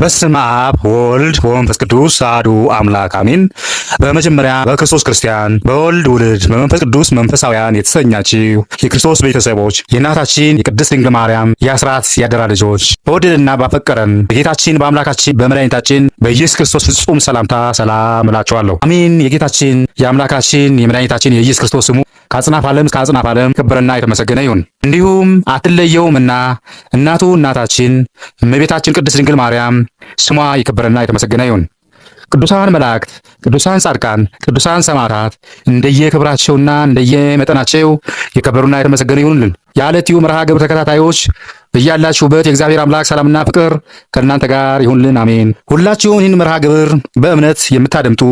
በስመ አብ ወልድ ወመንፈስ ቅዱስ አሐዱ አምላክ አሜን። በመጀመሪያ በክርስቶስ ክርስቲያን፣ በወልድ ውልድ፣ በመንፈስ ቅዱስ መንፈሳውያን የተሰኛች የክርስቶስ ቤተሰቦች የእናታችን የቅድስት ድንግል ማርያም የአስራት ያደራ ልጆች በወደደና ባፈቀረን በጌታችን በአምላካችን በመድኃኒታችን በኢየሱስ ክርስቶስ ፍጹም ሰላምታ ሰላም እላችኋለሁ። አሜን። የጌታችን የአምላካችን የመድኃኒታችን የኢየሱስ ክርስቶስ ስሙ ከአጽናፍ ዓለም እስከ አጽናፍ ዓለም ክብርና የተመሰገነ ይሁን። እንዲሁም አትለየውምና እናቱ እናታችን እመቤታችን ቅድስት ድንግል ማርያም ስሟ የከበረና የተመሰገነ ይሁን። ቅዱሳን መላእክት፣ ቅዱሳን ጻድቃን፣ ቅዱሳን ሰማዕታት እንደየክብራቸውና እንደየመጠናቸው የከበሩና የተመሰገኑ ይሁንልን። የአለትዩ መርሃ ግብር ተከታታዮች እያላችሁበት የእግዚአብሔር አምላክ ሰላምና ፍቅር ከእናንተ ጋር ይሁንልን፣ አሜን። ሁላችሁም ይህን መርሃ ግብር በእምነት የምታደምጡ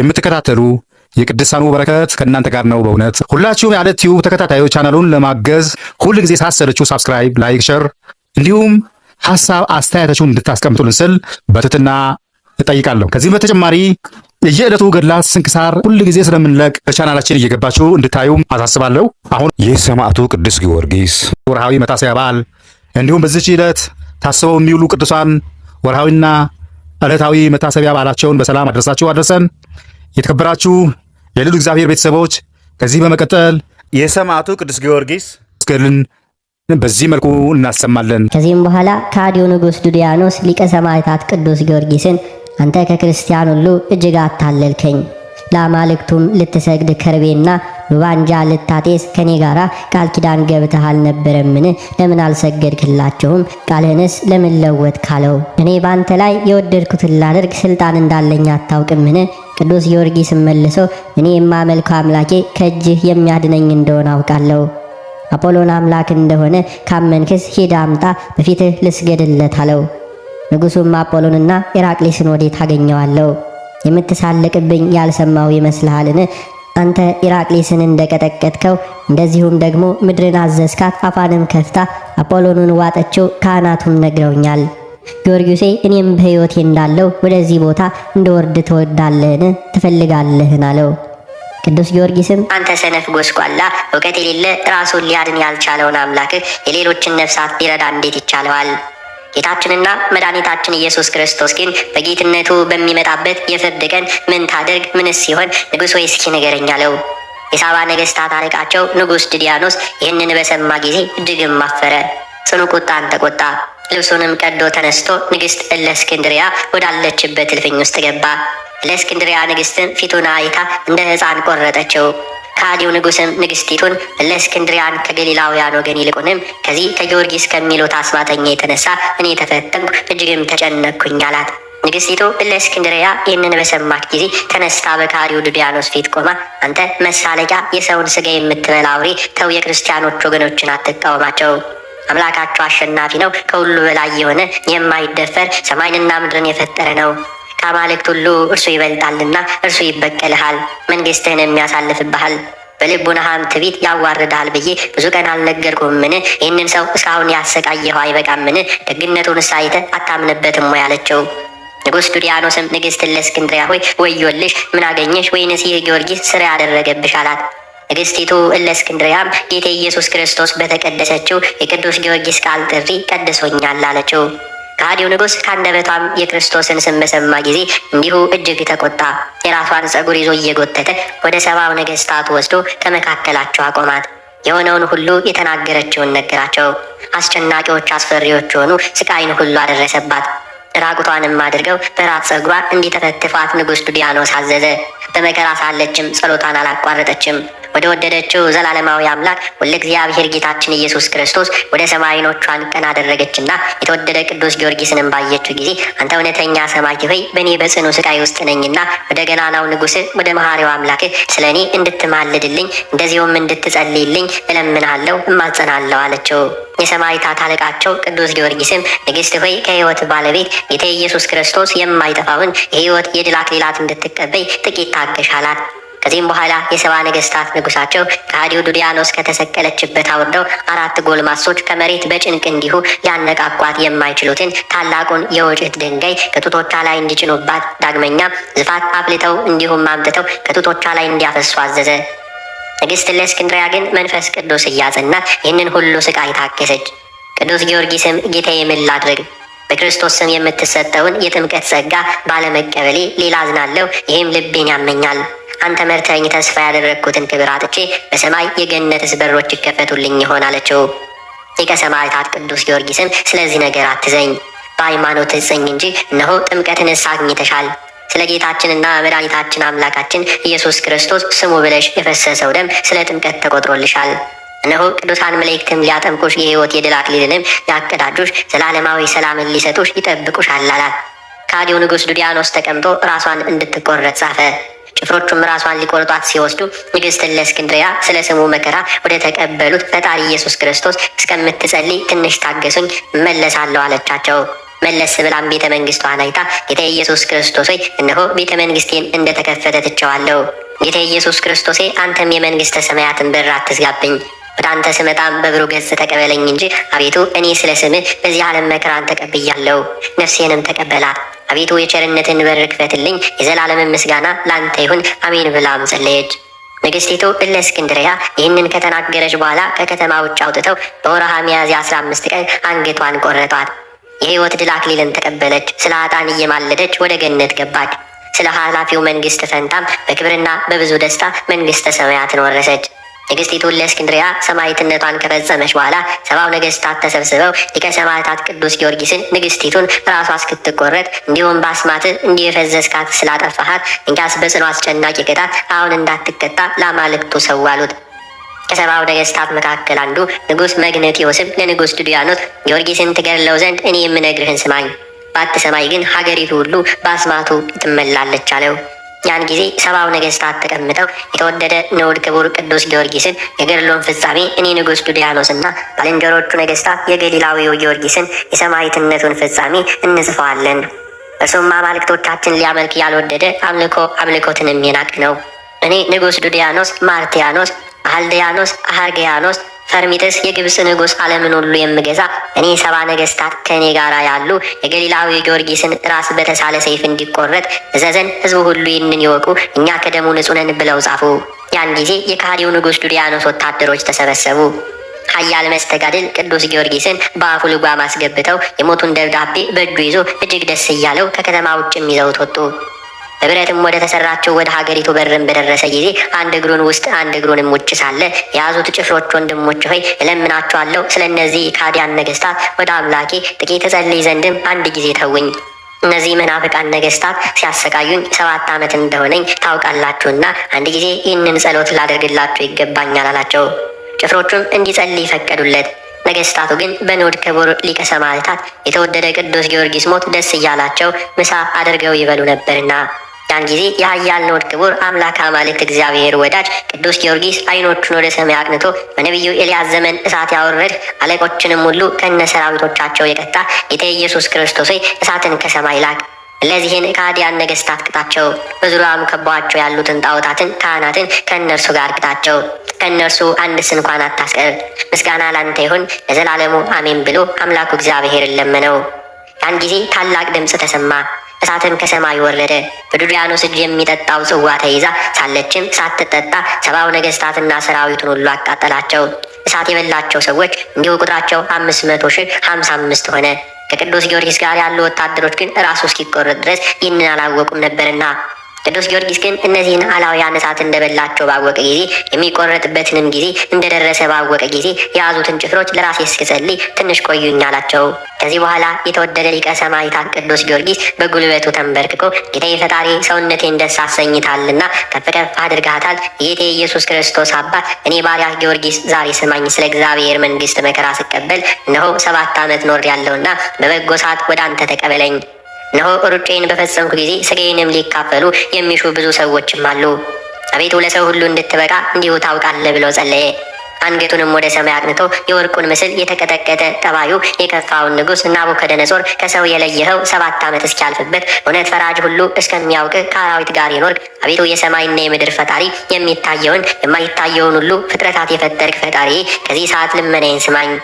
የምትከታተሉ የቅድሳኑ በረከት ከእናንተ ጋር ነው። በእውነት ሁላችሁም የዓለት ቲዩብ ተከታታዮች ቻናሉን ለማገዝ ሁል ጊዜ ሳሰለችሁ ሳብስክራይብ፣ ላይክ፣ ሸር እንዲሁም ሀሳብ አስተያየታችሁን እንድታስቀምጡልን ስል በትትና እጠይቃለሁ። ከዚህም በተጨማሪ የየዕለቱ ገድላት ስንክሳር ሁል ጊዜ ስለምንለቅ በቻናላችን እየገባችሁ እንድታዩም አሳስባለሁ። አሁን የሰማዕቱ ቅዱስ ጊዮርጊስ ወርሃዊ መታሰቢያ በዓል እንዲሁም በዚች ዕለት ታስበው የሚውሉ ቅዱሳን ወርሃዊና ዕለታዊ መታሰቢያ በዓላቸውን በሰላም አድረሳችሁ አድረሰን። የተከበራችሁ የልዑል እግዚአብሔር ቤተሰቦች ከዚህ በመቀጠል የሰማዕቱ ቅዱስ ጊዮርጊስ ገድልን በዚህ መልኩ እናሰማለን። ከዚህም በኋላ ከሃዲው ንጉሥ ዱዲያኖስ ሊቀ ሰማዕታት ቅዱስ ጊዮርጊስን አንተ ከክርስቲያን ሁሉ እጅግ አታለልከኝ ለአማልክቱም ልትሰግድ ከርቤና ባንጃ ልታጤስ ከኔ ጋራ ቃል ኪዳን ገብተህ አልነበረምን? ለምን አልሰገድክላቸውም? ቃልህንስ ለምን ለወጥ ካለው እኔ ባንተ ላይ የወደድኩትን ላደርግ ስልጣን እንዳለኝ አታውቅምን? ቅዱስ ጊዮርጊስ መልሶ እኔ የማመልከው አምላኬ ከእጅህ የሚያድነኝ እንደሆነ አውቃለሁ። አፖሎን አምላክ እንደሆነ ካመንክስ ሂድ አምጣ፣ በፊትህ ልስገድለት አለው። ንጉሡም አፖሎንና ኢራቅሊስን ወዴት አገኘዋለሁ የምትሳለቅብኝ ያልሰማሁ ይመስልሃልን? አንተ ኢራቅሊስን እንደቀጠቀጥከው እንደዚሁም ደግሞ ምድርን አዘዝካት፣ አፋንም ከፍታ አፖሎኑን ዋጠችው። ካህናቱም ነግረውኛል። ጊዮርጊሴ እኔም በሕይወቴ እንዳለው ወደዚህ ቦታ እንደወርድ ትወዳለህን? ትፈልጋለህን? አለው። ቅዱስ ጊዮርጊስም አንተ ሰነፍ ጎስቋላ፣ እውቀት የሌለ ራሱን ሊያድን ያልቻለውን አምላክህ የሌሎችን ነፍሳት ሊረዳ እንዴት ይቻለዋል? ጌታችንና መድኃኒታችን ኢየሱስ ክርስቶስ ግን በጌትነቱ በሚመጣበት የፍርድ ቀን ምን ታደርግ? ምንስ ሲሆን ንጉሥ ወይ እስኪ ንገረኝ አለው። የሳባ ነገሥታት አለቃቸው ንጉሥ ድዲያኖስ ይህንን በሰማ ጊዜ እጅግም አፈረ፣ ጽኑ ቁጣን ተቆጣ። ልብሱንም ቀዶ ተነስቶ ንግሥት እለእስክንድርያ ወዳለችበት እልፍኝ ውስጥ ገባ። እለእስክንድርያ ንግሥትን ፊቱን አይታ እንደ ሕፃን ቆረጠችው። ከአዲው ንጉሥም ንግስቲቱን ለእስክንድሪያን ከገሊላውያን ወገን ይልቁንም ከዚህ ከጊዮርጊስ ከሚሉት አስማተኛ የተነሳ እኔ ተፈተንኩ፣ እጅግም ተጨነኩኝ አላት። ንግስቲቱ እለእስክንድርያ ይህንን በሰማች ጊዜ ተነስታ በካሪው ድቢያኖስ ፊት ቆማ አንተ መሳለቂያ፣ የሰውን ስጋ የምትበላ አውሬ ተው፣ የክርስቲያኖች ወገኖችን አትቃወማቸው። አምላካቸው አሸናፊ ነው፣ ከሁሉ በላይ የሆነ የማይደፈር ሰማይንና ምድርን የፈጠረ ነው። ከአማልክት ሁሉ እርሱ ይበልጣልና እርሱ ይበቀልሃል፣ መንግሥትህን የሚያሳልፍብሃል በልቡናሃም ትቢት ያዋርዳል ብዬ ብዙ ቀን አልነገርኩምን? ይህንን ሰው እስካሁን ያሰቃየኸው አይበቃምን? ደግነቱን ሳይተ አታምንበትም ወይ አለችው። ንጉሥ ዱዲያኖስም ንግሥት ለእስክንድርያ ሆይ ወዮልሽ፣ ምን አገኘሽ? ወይንስ ይህ ጊዮርጊስ ስራ ያደረገብሽ አላት። ንግሥቲቱ እለእስክንድርያም ጌቴ ኢየሱስ ክርስቶስ በተቀደሰችው የቅዱስ ጊዮርጊስ ቃል ጥሪ ቀድሶኛል አለችው። ከሃዲው ንጉስ ከአንደበቷም የክርስቶስን ስም በሰማ ጊዜ እንዲሁ እጅግ ተቆጣ። የራሷን ጸጉር ይዞ እየጎተተ ወደ ሰባው ነገስታት ወስዶ ከመካከላቸው አቆማት። የሆነውን ሁሉ የተናገረችውን ነገራቸው። አስጨናቂዎች፣ አስፈሪዎች የሆኑ ስቃይን ሁሉ አደረሰባት። ራቁቷንም አድርገው በራት ጸጉሯ እንዲተፈትፋት ንጉሥ ዱዲያኖስ አዘዘ። በመከራ ሳለችም ጸሎቷን አላቋረጠችም። ወደ ወደደችው ዘላለማዊ አምላክ ወደ እግዚአብሔር ጌታችን ኢየሱስ ክርስቶስ ወደ ሰማይ ዓይኖቿን ቀና አደረገችና የተወደደ ቅዱስ ጊዮርጊስንም ባየችው ጊዜ አንተ እውነተኛ ሰማዕት ሆይ በእኔ በጽኑ ስቃይ ውስጥ ነኝና ወደ ገናናው ንጉስ ወደ መሐሪው አምላክ ስለ እኔ እንድትማልድልኝ እንደዚሁም እንድትጸልይልኝ እለምናለሁ፣ እማጸናለሁ አለችው። የሰማዕታት አለቃቸው ቅዱስ ጊዮርጊስም ንግስት ሆይ ከህይወት ባለቤት ጌታ ኢየሱስ ክርስቶስ የማይጠፋውን የህይወት የድል አክሊላት እንድትቀበይ ጥቂት ታገሻላት ከዚህም በኋላ የሰባ ነገስታት ንጉሳቸው ከሃዲው ዱዲያኖስ ከተሰቀለችበት አውርደው አራት ጎልማሶች ከመሬት በጭንቅ እንዲሁ ሊያነቃቋት የማይችሉትን ታላቁን የወጭት ድንጋይ ከጡቶቿ ላይ እንዲጭኑባት፣ ዳግመኛ ዝፋት አፍልተው እንዲሁም አምጥተው ከጡቶቿ ላይ እንዲያፈሱ አዘዘ። ንግሥት ለእስክንድርያ ግን መንፈስ ቅዱስ እያጸናት ይህንን ሁሉ ስቃይ ታገሰች። ቅዱስ ጊዮርጊስም ጌታዬ ምን ላድርግ በክርስቶስ ስም የምትሰጠውን የጥምቀት ጸጋ ባለመቀበሌ ሌላ አዝናለሁ፣ ይህም ልቤን ያመኛል አንተ መርተኝ ተስፋ ያደረግኩትን ክብር አጥቼ በሰማይ የገነትስ በሮች ይከፈቱልኝ ይሆን አለችው። ሊቀ ሰማዕታት ቅዱስ ጊዮርጊስም ስለዚህ ነገር አትዘኝ፣ በሃይማኖት ጽኝ እንጂ እነሆ ጥምቀትንስ አግኝተሻል። ስለ ጌታችንና መድኃኒታችን አምላካችን ኢየሱስ ክርስቶስ ስሙ ብለሽ የፈሰሰው ደም ስለ ጥምቀት ተቆጥሮልሻል። እነሆ ቅዱሳን መላእክትም ሊያጠምቁሽ የሕይወት የድል አክሊልንም ሊያቀዳጁሽ ዘላለማዊ ሰላምን ሊሰጡሽ ይጠብቁሻል አላት። ካዲው ንጉሥ ዱዲያኖስ ተቀምጦ ራሷን እንድትቆረጥ ጻፈ። ጭፍሮቹም ራሷን ሊቆርጧት ሲወስዱ ንግሥትን ለእስክንድሪያ ስለ ስሙ መከራ ወደ ተቀበሉት ፈጣሪ ኢየሱስ ክርስቶስ እስከምትጸልይ ትንሽ ታገሱኝ፣ መለሳለሁ አለቻቸው። መለስ ብላም ቤተ መንግስቷን አይታ ጌታ ኢየሱስ ክርስቶስ ሆይ እነሆ ቤተ መንግስቴን እንደተከፈተ ትቸዋለሁ። ጌታ ኢየሱስ ክርስቶሴ አንተም የመንግሥተ ሰማያትን በር አትዝጋብኝ ወደ አንተ ስመጣም በብሩህ ገጽ ተቀበለኝ እንጂ አቤቱ እኔ ስለ ስምህ በዚህ ዓለም መከራን ተቀብያለሁ፣ ነፍሴንም ተቀበላት። አቤቱ የቸርነትን በር ክፈትልኝ፣ የዘላለምን ምስጋና ላንተ ይሁን። አሜን ብላም ጸለየች። ንግሥቲቱ እለእስክንድርያ ይህንን ከተናገረች በኋላ ከከተማ ውጭ አውጥተው በወርሃ ሚያዝያ 15 ቀን አንገቷን ቆረጧት። የሕይወት ድል አክሊልን ተቀበለች። ስለ አጣን እየማለደች ወደ ገነት ገባች። ስለ ኃላፊው መንግስት ፈንታም በክብርና በብዙ ደስታ መንግስተ ሰማያትን ወረሰች። ንግስቲቱ ለእስክንድሪያ ለእስክንድርያ ሰማዕትነቷን ከፈጸመች በኋላ ሰባው ነገስታት ተሰብስበው ሊቀ ሰማዕታት ቅዱስ ጊዮርጊስን ንግስቲቱን ራሷ እስክትቆረጥ እንዲሁም በአስማት እንዲፈዘዝካት ስላጠፋሃት እንኪያስ በጽኑ አስጨናቂ ቅጣት አሁን እንዳትቀጣ ለአማልክቱ ሰው አሉት። ከሰባው ነገስታት መካከል አንዱ ንጉሥ መግነቲዮስም ለንጉሥ ዱድያኖስ ጊዮርጊስን ትገድለው ዘንድ እኔ የምነግርህን ስማኝ፣ ባትሰማይ ግን ሀገሪቱ ሁሉ በአስማቱ ትመላለች አለው። ያን ጊዜ ሰብአዊ ነገስታት ተቀምጠው የተወደደ ንዑድ ክቡር ቅዱስ ጊዮርጊስን የገድሎን ፍጻሜ እኔ ንጉሥ ዱድያኖስና ባልንጀሮቹ ነገስታት የገሊላዊው ጊዮርጊስን የሰማዕትነቱን ፍጻሜ እንጽፈዋለን። እርሱም አማልክቶቻችን ሊያመልክ ያልወደደ አምልኮ አምልኮትን የሚናቅ ነው። እኔ ንጉሥ ዱዲያኖስ፣ ማርቲያኖስ አህልድያኖስ አሃርጌያኖስ ፈርሚተስ የግብፅ ንጉስ ዓለምን ሁሉ የምገዛ እኔ ሰባ ነገስታት ከእኔ ጋር ያሉ የገሊላዊ ጊዮርጊስን ራስ በተሳለ ሰይፍ እንዲቆረጥ እዘዘን፣ ህዝቡ ሁሉ ይህንን ይወቁ፣ እኛ ከደሙ ንጹሕ ነን ብለው ጻፉ። ያን ጊዜ የካሃዲው ንጉስ ዱሪያኖስ ወታደሮች ተሰበሰቡ። ኃያል መስተጋድል ቅዱስ ጊዮርጊስን በአፉ ልጓም አስገብተው የሞቱን ደብዳቤ በእጁ ይዞ እጅግ ደስ እያለው ከከተማ ውጭም ይዘውት ወጡ። በብረትም ወደ ተሰራቸው ወደ ሀገሪቱ በርም በደረሰ ጊዜ አንድ እግሩን ውስጥ አንድ እግሩንም ውጭ ሳለ የያዙት ጭፍሮች ወንድሞች ሆይ እለምናችኋለሁ፣ ስለ እነዚህ ካዲያን ነገስታት ወደ አምላኬ ጥቂት እጸልይ ዘንድም አንድ ጊዜ ተውኝ። እነዚህ መናፍቃን ነገስታት ሲያሰቃዩኝ ሰባት ዓመት እንደሆነኝ ታውቃላችሁና አንድ ጊዜ ይህንን ጸሎት ላደርግላችሁ ይገባኛል አላቸው። ጭፍሮቹም እንዲጸልይ ፈቀዱለት። ነገስታቱ ግን በንዑድ ክቡር ሊቀ ሰማዕታት የተወደደ ቅዱስ ጊዮርጊስ ሞት ደስ እያላቸው ምሳ አድርገው ይበሉ ነበርና ያን ጊዜ የኃያል ነውድ ክቡር አምላክ አማልክት እግዚአብሔር ወዳጅ ቅዱስ ጊዮርጊስ አይኖቹን ወደ ሰማይ አቅንቶ በነቢዩ ኤልያስ ዘመን እሳት ያወረድ አለቆችንም ሁሉ ከነ ሰራዊቶቻቸው የቀጣ ጌታ ኢየሱስ ክርስቶስ ሆይ እሳትን ከሰማይ ላክ። እነዚህን ከሃዲያን ነገስታት ቅጣቸው። በዙሪያም ከቧቸው ያሉትን ጣዖታትን ካህናትን ከእነርሱ ጋር ቅጣቸው። ከእነርሱ አንድስ እንኳን አታስቀር። ምስጋና ላንተ ይሁን ለዘላለሙ አሜን ብሎ አምላኩ እግዚአብሔርን ለመነው። ያን ጊዜ ታላቅ ድምፅ ተሰማ። እሳትም ከሰማይ ወረደ። በዱድያኖስ እጅ የሚጠጣው ጽዋ ተይዛ ሳለችም ሳትጠጣ ሰባው ነገስታትና ሰራዊቱን ሁሉ አቃጠላቸው። እሳት የበላቸው ሰዎች እንዲሁ ቁጥራቸው አምስት መቶ ሺህ ሀምሳ አምስት ሆነ። ከቅዱስ ጊዮርጊስ ጋር ያሉ ወታደሮች ግን ራሱ እስኪቆረጥ ድረስ ይህንን አላወቁም ነበርና ቅዱስ ጊዮርጊስ ግን እነዚህን አላውያን እሳት እንደበላቸው ባወቀ ጊዜ የሚቆረጥበትንም ጊዜ እንደደረሰ ባወቀ ጊዜ የያዙትን ጭፍሮች ለራሴ እስክጸልይ ትንሽ ቆዩኝ አላቸው። ከዚህ በኋላ የተወደደ ሊቀ ሰማዕታት ቅዱስ ጊዮርጊስ በጉልበቱ ተንበርክኮ ጌታዬ ፈጣሪ ሰውነቴን ደስ አሰኝታልና ከፍ ከፍ አድርጋታል። ጌቴ ኢየሱስ ክርስቶስ አባት እኔ ባሪያ ጊዮርጊስ ዛሬ ስማኝ፣ ስለ እግዚአብሔር መንግስት መከራ ስቀበል እነሆ ሰባት ዓመት ኖር ያለውና በበጎ ሰዓት ወደ አንተ ተቀበለኝ። እነሆ ሩጬን በፈጸምኩ ጊዜ ስጋዬንም ሊካፈሉ የሚሹ ብዙ ሰዎችም አሉ። አቤቱ ለሰው ሁሉ እንድትበቃ እንዲሁ ታውቃለህ ብሎ ጸለየ። አንገቱንም ወደ ሰማይ አቅንቶ የወርቁን ምስል የተቀጠቀጠ ጠባዩ የከፋውን ንጉሥ ናቡከደነጾር ከሰው የለየኸው ሰባት ዓመት እስኪያልፍበት እውነት ፈራጅ ሁሉ እስከሚያውቅ ከአራዊት ጋር የኖርክ አቤቱ የሰማይና የምድር ፈጣሪ የሚታየውን የማይታየውን ሁሉ ፍጥረታት የፈጠርክ ፈጣሪ ከዚህ ሰዓት ልመናዬን ስማኝ።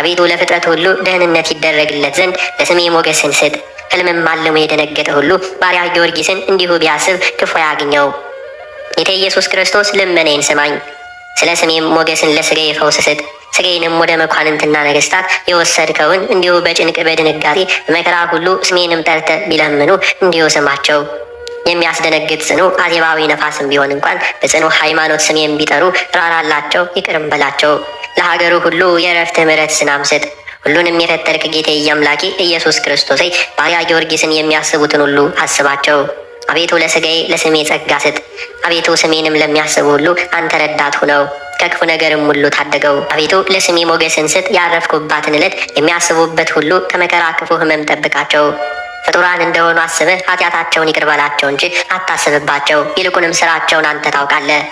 አቤቱ ለፍጥረት ሁሉ ደህንነት ይደረግለት ዘንድ ለስሜ ሞገስን ስጥ። ሕልምም ማለሙ የደነገጠ ሁሉ ባሪያ ጊዮርጊስን እንዲሁ ቢያስብ ክፉ ያግኘው። ጌታ ኢየሱስ ክርስቶስ ልመኔን ስማኝ፣ ስለ ስሜም ሞገስን ለስጋ ፈውስ ስጥ። ስጋዬንም ወደ መኳንንትና ነገስታት የወሰድከውን እንዲሁ በጭንቅ በድንጋጤ በመከራ ሁሉ ስሜንም ጠርተ ቢለምኑ እንዲሁ ስማቸው። የሚያስደነግጥ ጽኑ አዜባዊ ነፋስም ቢሆን እንኳን በጽኑ ሃይማኖት ስሜን ቢጠሩ ራራላቸው፣ ይቅርም በላቸው። ለሀገሩ ሁሉ የእረፍት ምሕረት ስናምስጥ። ስጥ። ሁሉንም የፈጠርክ ጌታ እያምላኬ ኢየሱስ ክርስቶስ ሆይ ባሪያ ጊዮርጊስን የሚያስቡትን ሁሉ አስባቸው። አቤቱ ለስጋዬ ለስሜ ጸጋ ስጥ። አቤቱ ስሜንም ለሚያስቡ ሁሉ አንተ ረዳት ሁነው ከክፉ ነገርም ሁሉ ታደገው። አቤቱ ለስሜ ሞገስን ስጥ። ያረፍኩባትን ዕለት የሚያስቡበት ሁሉ ከመከራ ክፉ ህመም ጠብቃቸው። ፍጡራን እንደሆኑ አስበህ ኃጢአታቸውን ይቅርበላቸው እንጂ አታስብባቸው። ይልቁንም ስራቸውን አንተ ታውቃለህ።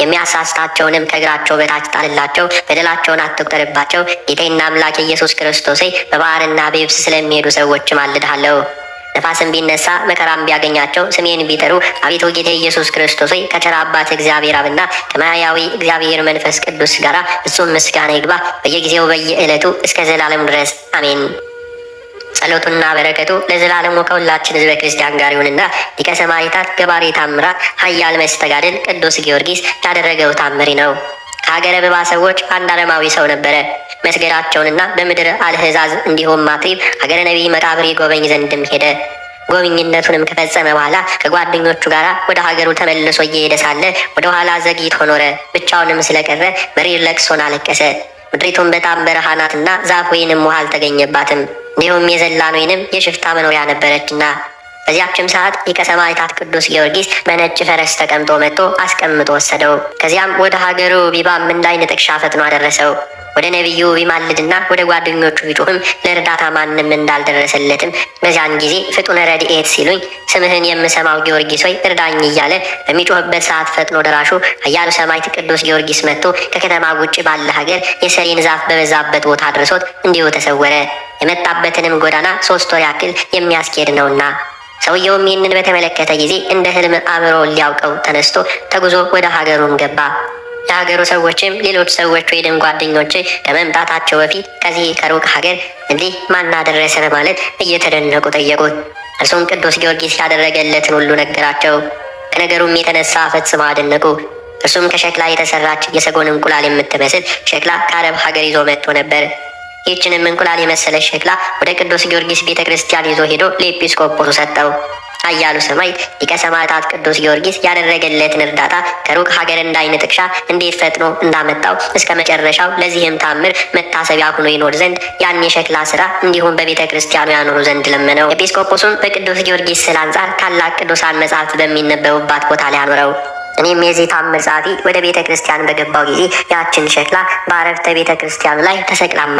የሚያሳስታቸውንም ከእግራቸው በታች ጣልላቸው፣ በደላቸውን አትቁጠርባቸው። ጌቴና አምላክ ኢየሱስ ክርስቶስ በባህርና በየብስ ስለሚሄዱ ሰዎች ማልድሃለሁ። ነፋስን ቢነሳ መከራም ቢያገኛቸው ስሜን ቢጠሩ አቤቱ ጌታ ኢየሱስ ክርስቶስ ሆይ ከቸር አባት እግዚአብሔር አብና ከማያዊ እግዚአብሔር መንፈስ ቅዱስ ጋር እጹም ምስጋና ይግባ በየጊዜው በየዕለቱ እስከ ዘላለም ድረስ አሜን። ጸሎቱና በረከቱ ለዘላለሙ ከሁላችን ህዝበ ክርስቲያን ጋር ይሁንና ሊቀ ሰማዕታት ገባሬ ታምራት ኃያል መስተጋድል ቅዱስ ጊዮርጊስ ያደረገው ታምሪ ነው። ከሀገረ ብባ ሰዎች አንድ አረማዊ ሰው ነበረ። መስገዳቸውንና በምድር አልህዛዝ እንዲሁም ማትሪብ ሀገረ ነቢይ መቃብር ጎበኝ ዘንድም ሄደ። ጎብኝነቱንም ከፈጸመ በኋላ ከጓደኞቹ ጋር ወደ ሀገሩ ተመልሶ እየሄደ ሳለ ወደ ኋላ ዘግይቶ ኖረ። ብቻውንም ስለቀረ መሪር ለቅሶን አለቀሰ። ምድሪቱን በጣም በረሃናትና ዛፍ ወይንም ውሃ አልተገኘባትም። እንዲሁም የዘላን ወይንም የሽፍታ መኖሪያ ነበረችና በዚያችም ሰዓት ሊቀ ሰማዕታት ቅዱስ ጊዮርጊስ በነጭ ፈረስ ተቀምጦ መጥቶ አስቀምጦ ወሰደው። ከዚያም ወደ ሀገሩ ቢባም እንዳይነ ጥቅሻ አደረሰው። ወደ ነቢዩ ቢማልድና ወደ ጓደኞቹ ቢጮህም ለእርዳታ ማንም እንዳልደረሰለትም በዚያን ጊዜ ፍጡነ ረድኤት ሲሉኝ ስምህን የምሰማው ጊዮርጊስ ሆይ እርዳኝ እያለ በሚጮህበት ሰዓት ፈጥኖ ደራሹ አያሉ ሰማዕት ቅዱስ ጊዮርጊስ መጥቶ ከከተማ ውጭ ባለ ሀገር የሰሌን ዛፍ በበዛበት ቦታ ድርሶት እንዲሁ ተሰወረ። የመጣበትንም ጎዳና ሶስት ወር ያክል የሚያስኬድ ነውና። ሰውየውም ይህንን በተመለከተ ጊዜ እንደ ህልም አእምሮ ሊያውቀው ተነስቶ ተጉዞ ወደ ሀገሩን ገባ። የሀገሩ ሰዎችም ሌሎች ሰዎች ወይም ጓደኞች ከመምጣታቸው በፊት ከዚህ ከሩቅ ሀገር እንዲህ ማናደረሰ በማለት እየተደነቁ ጠየቁት። እርሱም ቅዱስ ጊዮርጊስ ያደረገለትን ሁሉ ነገራቸው። ከነገሩም የተነሳ ፈጽመው አደነቁ። እርሱም ከሸክላ የተሰራች የሰጎን እንቁላል የምትመስል ሸክላ ከአረብ ሀገር ይዞ መጥቶ ነበር። ይህችንም እንቁላል የመሰለች ሸክላ ወደ ቅዱስ ጊዮርጊስ ቤተ ክርስቲያን ይዞ ሄዶ ለኤጲስቆጶሱ ሰጠው። ኃያሉ ሰማይ ሊቀ ሰማዕታት ቅዱስ ጊዮርጊስ ያደረገለትን እርዳታ ከሩቅ ሀገር እንዳይነት ጥቅሻ እንዴት ፈጥኖ እንዳመጣው እስከ መጨረሻው ለዚህም ታምር መታሰቢያ ሆኖ ይኖር ዘንድ ያን የሸክላ ስራ እንዲሁም በቤተ ክርስቲያኑ ያኖሩ ዘንድ ለመነው። ኤጲስቆጶሱም በቅዱስ ጊዮርጊስ ስዕል አንጻር ታላቅ ቅዱሳን መጻሕፍት በሚነበቡባት ቦታ ላይ አኖረው። እኔም የዚህ ታምር ጸሐፊ ወደ ቤተ ክርስቲያን በገባው ጊዜ ያችን ሸክላ በአረፍተ ቤተ ክርስቲያኑ ላይ ተሰቅላማ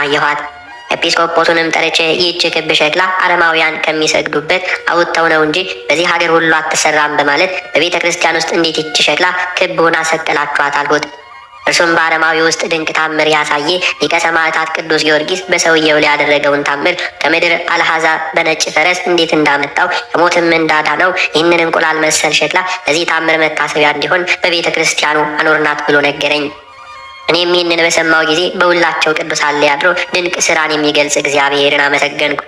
ኤጲስቆጶሱንም ጠርቼ ይህች ክብ ሸክላ አረማውያን ከሚሰግዱበት አውጥተው ነው እንጂ በዚህ ሀገር ሁሉ አትሰራም በማለት በቤተ ክርስቲያን ውስጥ እንዴት ይች ሸክላ ክብ ሆና ሰቀላችኋት አልሁት። እርሱም በአረማዊ ውስጥ ድንቅ ታምር ያሳየ ሊቀ ሰማዕታት ቅዱስ ጊዮርጊስ በሰውየው ላይ ያደረገውን ታምር ከምድር አልሃዛ በነጭ ፈረስ እንዴት እንዳመጣው ከሞትም ነው ይህንን እንቁላል መሰል ሸክላ ለዚህ ታምር መታሰቢያ እንዲሆን በቤተ ክርስቲያኑ አኖርናት ብሎ ነገረኝ። እኔም ይህንን በሰማው ጊዜ በሁላቸው ቅዱሳን ላይ አድሮ ድንቅ ስራን የሚገልጽ እግዚአብሔርን አመሰገንኩ።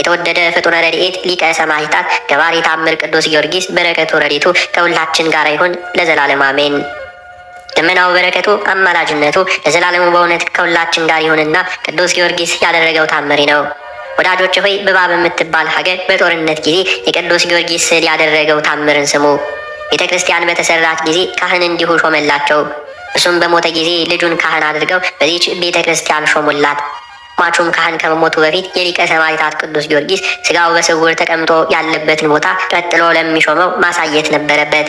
የተወደደ ፍጡነ ረድኤት ሊቀ ሰማዕታት ገባሬ ታምር ቅዱስ ጊዮርጊስ በረከቱ ረድኤቱ ከሁላችን ጋር ይሁን ለዘላለም አሜን። ልመናው በረከቱ አማላጅነቱ ለዘላለሙ በእውነት ከሁላችን ጋር ይሁንና ቅዱስ ጊዮርጊስ ያደረገው ታምሪ ነው። ወዳጆች ሆይ በባብ የምትባል ሀገር በጦርነት ጊዜ የቅዱስ ጊዮርጊስ ስዕል ያደረገው ታምርን ስሙ። ቤተ ክርስቲያን በተሰራት ጊዜ ካህን እንዲሁ ሾመላቸው። እሱም በሞተ ጊዜ ልጁን ካህን አድርገው በዚች ቤተ ክርስቲያን ሾሙላት። ሟቹም ካህን ከመሞቱ በፊት የሊቀ ሰማዕታት ቅዱስ ጊዮርጊስ ስጋው በስውር ተቀምጦ ያለበትን ቦታ ቀጥሎ ለሚሾመው ማሳየት ነበረበት።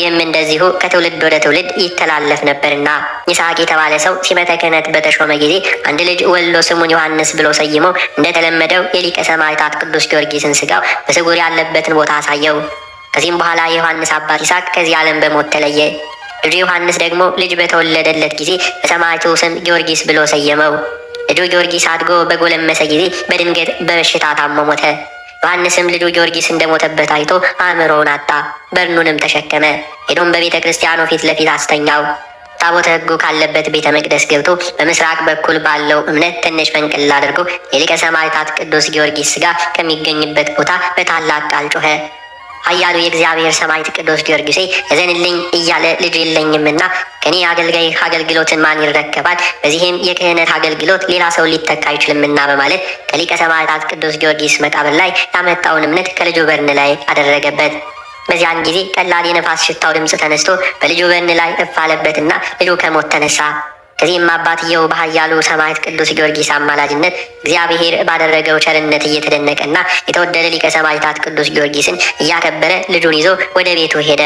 ይህም እንደዚሁ ከትውልድ ወደ ትውልድ ይተላለፍ ነበርና ይስሐቅ የተባለ ሰው ሲመተ ክህነት በተሾመ ጊዜ አንድ ልጅ ወልዶ ስሙን ዮሐንስ ብሎ ሰይመው እንደተለመደው የሊቀ ሰማዕታት ቅዱስ ጊዮርጊስን ስጋው በስውር ያለበትን ቦታ አሳየው። ከዚህም በኋላ የዮሐንስ አባት ይስሐቅ ከዚህ ዓለም በሞት ተለየ። ልጁ ዮሐንስ ደግሞ ልጅ በተወለደለት ጊዜ በሰማዕቱ ስም ጊዮርጊስ ብሎ ሰየመው። ልጁ ጊዮርጊስ አድጎ በጎለመሰ ጊዜ በድንገት በበሽታ ታሞ ሞተ። ዮሐንስም ልጁ ጊዮርጊስ እንደሞተበት አይቶ አእምሮውን አጣ። በርኑንም ተሸከመ። ሄዶም በቤተ ክርስቲያኑ ፊት ለፊት አስተኛው። ታቦተ ሕጉ ካለበት ቤተ መቅደስ ገብቶ በምስራቅ በኩል ባለው እምነት ትንሽ ፈንቅል አድርጎ የሊቀ ሰማዕታት ቅዱስ ጊዮርጊስ ሥጋ ከሚገኝበት ቦታ በታላቅ ቃል ጮኸ። ኃያሉ የእግዚአብሔር ሰማዕት ቅዱስ ጊዮርጊሴ እዘንልኝ እያለ ልጅ የለኝምና ከኔ አገልጋይ አገልግሎትን ማን ይረከባል? በዚህም የክህነት አገልግሎት ሌላ ሰው ሊተካ አይችልምና በማለት ከሊቀ ሰማዕታት ቅዱስ ጊዮርጊስ መቃብር ላይ ያመጣውን እምነት ከልጁ በርን ላይ አደረገበት። በዚያን ጊዜ ቀላል የነፋስ ሽታው ድምፅ ተነስቶ በልጁ በርን ላይ እፋለበትና አለበትና ልጁ ከሞት ተነሳ። ከዚህም አባትየው በኃያሉ ሰማዕት ቅዱስ ጊዮርጊስ አማላጅነት እግዚአብሔር ባደረገው ቸርነት እየተደነቀና የተወደደ ሊቀ ሰማዕታት ቅዱስ ጊዮርጊስን እያከበረ ልጁን ይዞ ወደ ቤቱ ሄደ።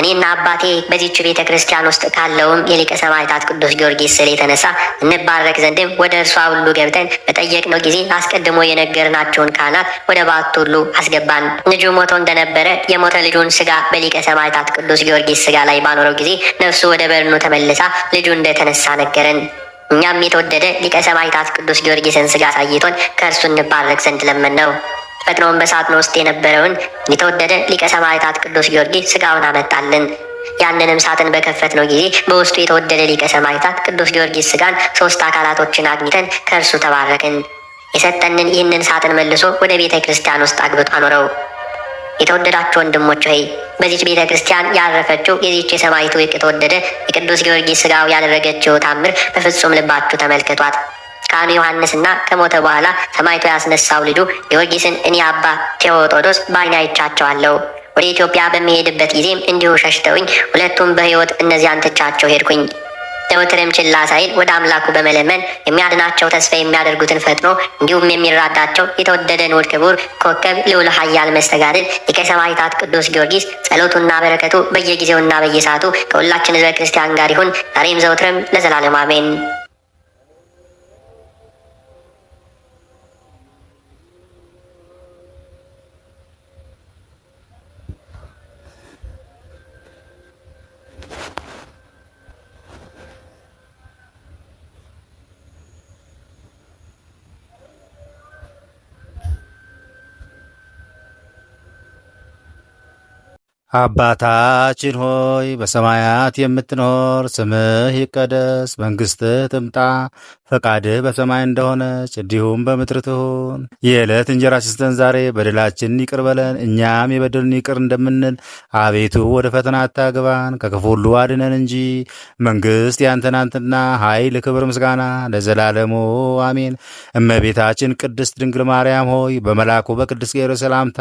እኔና አባቴ በዚች ቤተ ክርስቲያን ውስጥ ካለውም የሊቀ ሰማዕታት ቅዱስ ጊዮርጊስ ስዕል የተነሳ እንባረክ ዘንድም ወደ እርሷ ሁሉ ገብተን በጠየቅነው ጊዜ አስቀድሞ የነገርናቸውን ካህናት ወደ ባቱ ሁሉ አስገባን። ልጁ ሞቶ እንደነበረ የሞተ ልጁን ስጋ በሊቀ ሰማዕታት ቅዱስ ጊዮርጊስ ስጋ ላይ ባኖረው ጊዜ ነፍሱ ወደ በድኑ ተመልሳ ልጁ እንደተነሳ ነገረን። እኛም የተወደደ ሊቀ ሰማዕታት ቅዱስ ጊዮርጊስን ስጋ አሳይቶን ከእርሱ እንባረክ ዘንድ ለመን ነው። ፈጥኖም በሳጥን ውስጥ የነበረውን የተወደደ ሊቀ ሰማዕታት ቅዱስ ጊዮርጊስ ስጋውን አመጣልን። ያንንም ሳጥን በከፈትነው ጊዜ በውስጡ የተወደደ ሊቀ ሰማዕታት ቅዱስ ጊዮርጊስ ስጋን ሶስት አካላቶችን አግኝተን ከእርሱ ተባረክን። የሰጠንን ይህንን ሳጥን መልሶ ወደ ቤተ ክርስቲያን ውስጥ አግብቶ አኖረው። የተወደዳችሁ ወንድሞች ሆይ በዚች ቤተ ክርስቲያን ያረፈችው የዚች የሰማዕቱ የተወደደ የቅዱስ ጊዮርጊስ ስጋው ያደረገችው ታምር በፍጹም ልባችሁ ተመልክቷት። ካህኑ ዮሐንስና ከሞተ በኋላ ሰማይቶ ያስነሳው ልጁ ጊዮርጊስን እኔ አባ ቴዎጦዶስ በዓይኔ አይቻቸዋለሁ። ወደ ኢትዮጵያ በሚሄድበት ጊዜም እንዲሁ ሸሽተውኝ ሁለቱም በሕይወት እነዚያን ትቻቸው ሄድኩኝ። ዘወትርም ችላ ሳይል ወደ አምላኩ በመለመን የሚያድናቸው ተስፋ የሚያደርጉትን ፈጥኖ እንዲሁም የሚራዳቸው የተወደደ ንዑድ ክቡር ኮከብ ልዑል ኃያል መስተጋድል ሊቀ ሰማዕታት ቅዱስ ጊዮርጊስ ጸሎቱና በረከቱ በየጊዜውና በየሰዓቱ ከሁላችን ሕዝበ ክርስቲያን ጋር ይሁን ዛሬም ዘውትርም ለዘላለም አሜን። አባታችን ሆይ በሰማያት የምትኖር ስምህ ይቀደስ፣ መንግሥትህ ትምጣ፣ ፈቃድህ በሰማይ እንደሆነች እንዲሁም በምድር ትሁን። የዕለት እንጀራችንን ስጠን ዛሬ፣ በደላችንን ይቅር በለን እኛም የበደልን ይቅር እንደምንል፣ አቤቱ ወደ ፈተና አታግባን ከክፉ ሁሉ አድነን እንጂ መንግሥት ያንተ ናትና፣ ኃይል፣ ክብር፣ ምስጋና ለዘላለሙ አሜን። እመቤታችን ቅድስት ድንግል ማርያም ሆይ በመልአኩ በቅዱስ ገብርኤል ሰላምታ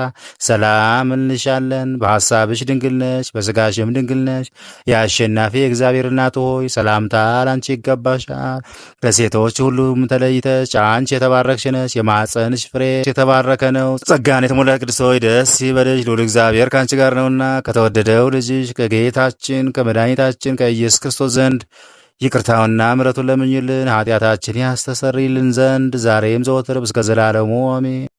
ሰላም እንልሻለን። በሐሳብሽ ድንግል ነሽ፣ በሥጋሽም ድንግል ነሽ። የአሸናፊ እግዚአብሔር እናቱ ሆይ ሰላምታ ላንቺ ይገባሻል። ከሴቶች ሁሉም ተለይተሽ አንቺ የተባረክሽ ነች፣ የማኅፀንሽ ፍሬ የተባረከ ነው። ጸጋን የተሞላ ቅድስት ሆይ ደስ ይበልሽ፣ ልዑል እግዚአብሔር ከአንቺ ጋር ነውና ከተወደደው ልጅሽ ከጌታችን ከመድኃኒታችን ከኢየሱስ ክርስቶስ ዘንድ ይቅርታውና ምሕረቱን ለምኝልን ኃጢአታችን ያስተሰርይልን ዘንድ ዛሬም ዘወትር እስከ ዘላለሙ አሜን።